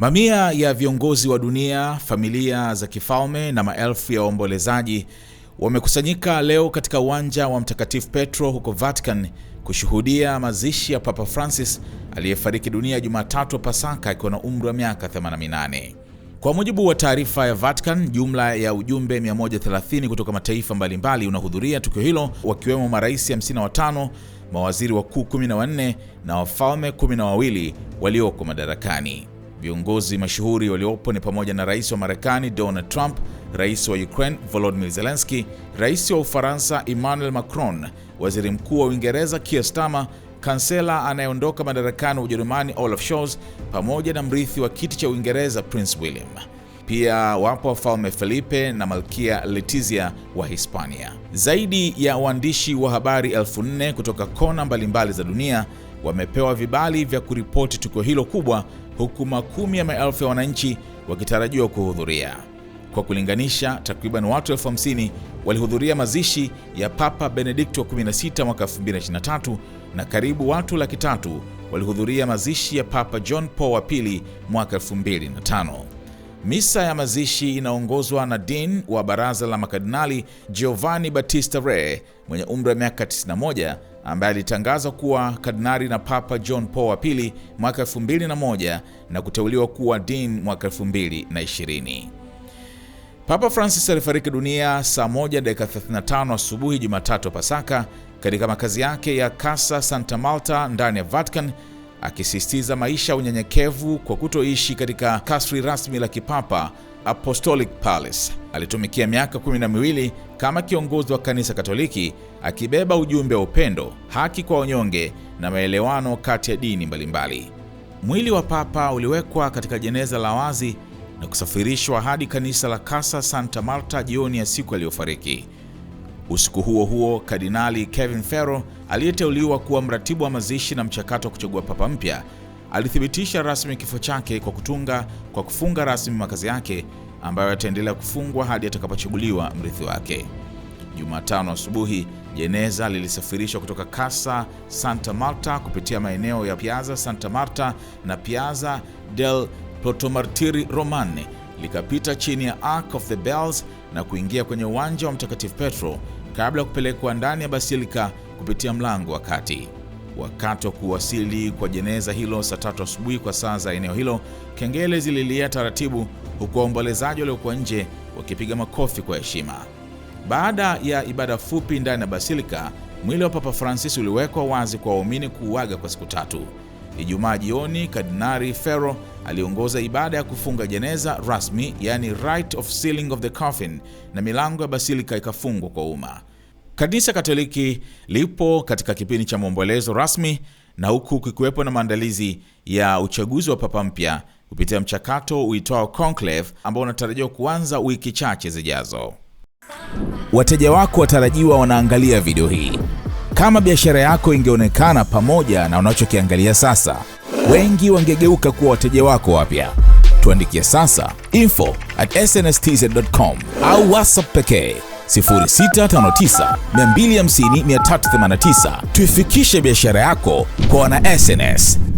Mamia ya viongozi wa dunia, familia za kifalme na maelfu ya waombolezaji wamekusanyika leo katika uwanja wa Mtakatifu Petro huko Vatican kushuhudia mazishi ya Papa Francis aliyefariki dunia Jumatatu wa Pasaka akiwa na umri wa miaka 88. Kwa mujibu wa taarifa ya Vatican, jumla ya ujumbe 130 kutoka mataifa mbalimbali unahudhuria tukio hilo, wakiwemo marais 55, mawaziri wakuu 14 na wafalme 12 walioko madarakani. Viongozi mashuhuri waliopo ni pamoja na rais wa Marekani Donald Trump, rais wa Ukraine Volodymyr Zelensky, rais wa Ufaransa Emmanuel Macron, waziri mkuu wa Uingereza Keir Starmer, kansela anayeondoka madarakani wa Ujerumani Olaf Scholz, pamoja na mrithi wa kiti cha Uingereza Prince William. Pia wapo wafalme Felipe na malkia Letizia wa Hispania. Zaidi ya waandishi wa habari elfu nne kutoka kona mbalimbali za dunia wamepewa vibali vya kuripoti tukio hilo kubwa huku makumi ya maelfu ya wananchi wakitarajiwa kuhudhuria. Kwa kulinganisha, takriban watu elfu hamsini walihudhuria mazishi ya Papa Benedikto wa 16 mwaka 2023 na karibu watu laki tatu walihudhuria mazishi ya Papa John Paul wa pili mwaka 2005. Misa ya mazishi inaongozwa na Dean wa Baraza la Makardinali Giovanni Battista Re mwenye umri wa miaka 91 ambaye alitangazwa kuwa kardinali na Papa John Paul wa pili mwaka 2001 na kuteuliwa kuwa Dean mwaka 2020. Papa Francis alifariki dunia saa 1 dakika 35 asubuhi Jumatatu Pasaka katika makazi yake ya Casa Santa Marta ndani ya Vatican akisisitiza maisha ya unyenyekevu kwa kutoishi katika kasri rasmi la kipapa Apostolic Palace. Alitumikia miaka kumi na miwili kama kiongozi wa kanisa Katoliki akibeba ujumbe wa upendo, haki kwa wanyonge na maelewano kati ya dini mbalimbali. Mwili wa papa uliwekwa katika jeneza la wazi na kusafirishwa hadi kanisa la Casa Santa Marta jioni ya siku aliyofariki. Usiku huo huo, Kardinali Kevin Ferro aliyeteuliwa kuwa mratibu wa mazishi na mchakato wa kuchagua papa mpya alithibitisha rasmi kifo chake kwa kutunga kwa kufunga rasmi makazi yake ambayo yataendelea kufungwa hadi atakapochaguliwa mrithi wake. Jumatano asubuhi, jeneza lilisafirishwa kutoka Casa Santa Marta kupitia maeneo ya Piazza Santa Marta na Piazza del Protomartiri Romani, likapita chini ya Arch of the Bells na kuingia kwenye uwanja wa Mtakatifu Petro kabla ya kupelekwa ndani ya basilika kupitia mlango wa kati. Wakati wa kuwasili kwa jeneza hilo saa tatu asubuhi kwa saa za eneo hilo, kengele zililia taratibu, huku waombolezaji waliokuwa nje wakipiga makofi kwa heshima. Baada ya ibada fupi ndani ya basilika, mwili wa Papa Francis uliwekwa wazi kwa waumini kuuaga kwa siku tatu. Ijumaa jioni, Kardinari Ferro aliongoza ibada ya kufunga jeneza rasmi, yani rite of sealing of the coffin, na milango ya basilika ikafungwa kwa umma. Kanisa Katoliki lipo katika kipindi cha maombolezo rasmi na huku kikiwepo na maandalizi ya uchaguzi wa papa mpya kupitia mchakato uitwao conclave ambao unatarajiwa kuanza wiki chache zijazo. Wateja wako watarajiwa wanaangalia video hii. Kama biashara yako ingeonekana pamoja na unachokiangalia sasa, wengi wangegeuka kuwa wateja wako wapya. Tuandikie sasa info at snstz.com au whatsapp pekee 0659 250 389. Tuifikishe biashara yako kwa wana SNS.